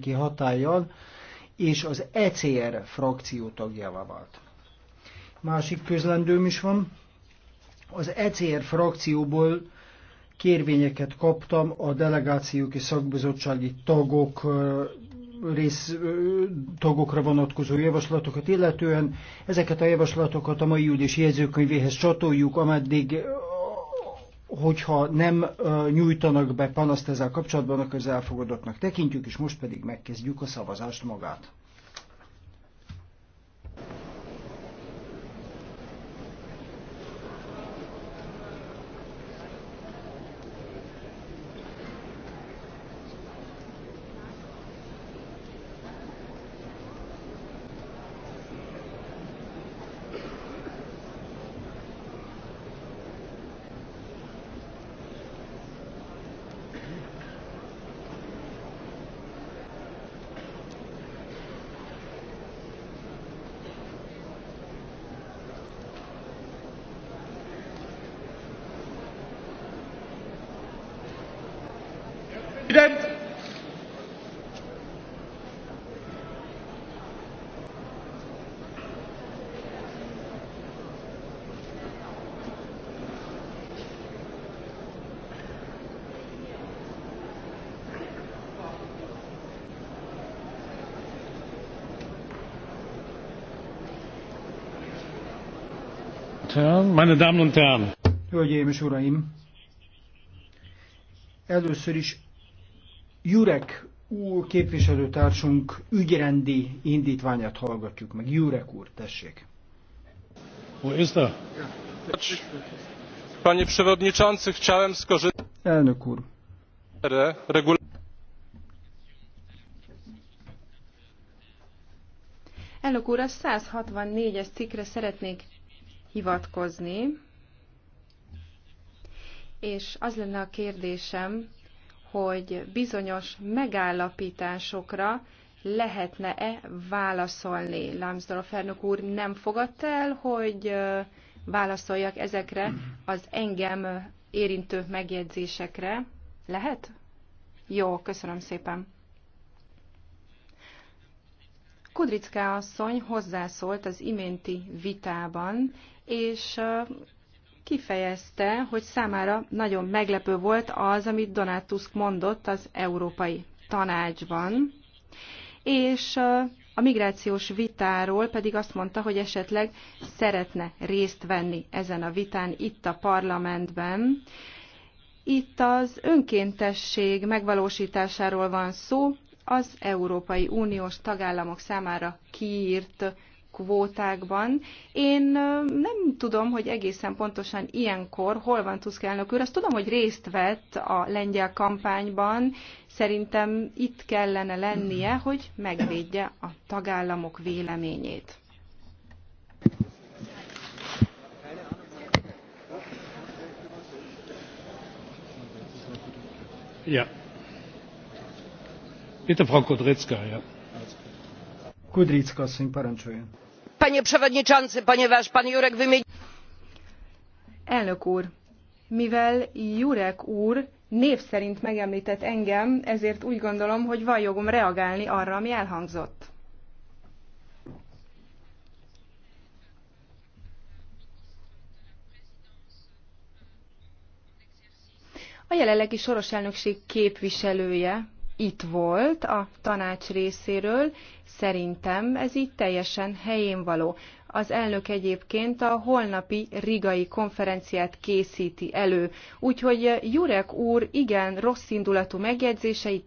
ki hatállyal, és az ECR frakció tagjává vált. Másik közlendőm is van. Az ECR frakcióból kérvényeket kaptam a delegációk és szakbizottsági tagok rész tagokra vonatkozó javaslatokat, illetően ezeket a javaslatokat a mai ülés jegyzőkönyvéhez csatoljuk, ameddig hogyha nem nyújtanak be panaszt ezzel kapcsolatban, akkor az elfogadottnak tekintjük, és most pedig megkezdjük a szavazást magát. President. Meine Damen und Herren! Hölgyeim és Uraim! Először is Jurek úr képviselőtársunk ügyrendi indítványát hallgatjuk meg. Jurek úr, tessék. Panie przewodniczący, chciałem skorzystać. Elnök úr. Elnök úr, a 164-es cikkre szeretnék hivatkozni, és az lenne a kérdésem, hogy bizonyos megállapításokra lehetne-e válaszolni. a elnök úr nem fogadta el, hogy válaszoljak ezekre az engem érintő megjegyzésekre. Lehet? Jó, köszönöm szépen. Kudricka asszony hozzászólt az iménti vitában, és kifejezte, hogy számára nagyon meglepő volt az, amit Donald Tusk mondott az Európai Tanácsban, és a migrációs vitáról pedig azt mondta, hogy esetleg szeretne részt venni ezen a vitán itt a parlamentben. Itt az önkéntesség megvalósításáról van szó, az Európai Uniós tagállamok számára kiírt kvótákban. Én nem tudom, hogy egészen pontosan ilyenkor hol van Tusk elnök úr. Azt tudom, hogy részt vett a lengyel kampányban. Szerintem itt kellene lennie, hogy megvédje a tagállamok véleményét. Ja. Bitte Frau Kodrycka, ja. Panie przewodniczący, ponieważ pan Jurek wymienił... Elnök úr, mivel Jurek úr név szerint megemlített engem, ezért úgy gondolom, hogy van jogom reagálni arra, ami elhangzott. A jelenlegi soros elnökség képviselője itt volt a tanács részéről, szerintem ez így teljesen helyén való. Az elnök egyébként a holnapi rigai konferenciát készíti elő, úgyhogy eh, Jurek úr igen rossz indulatú megjegyzései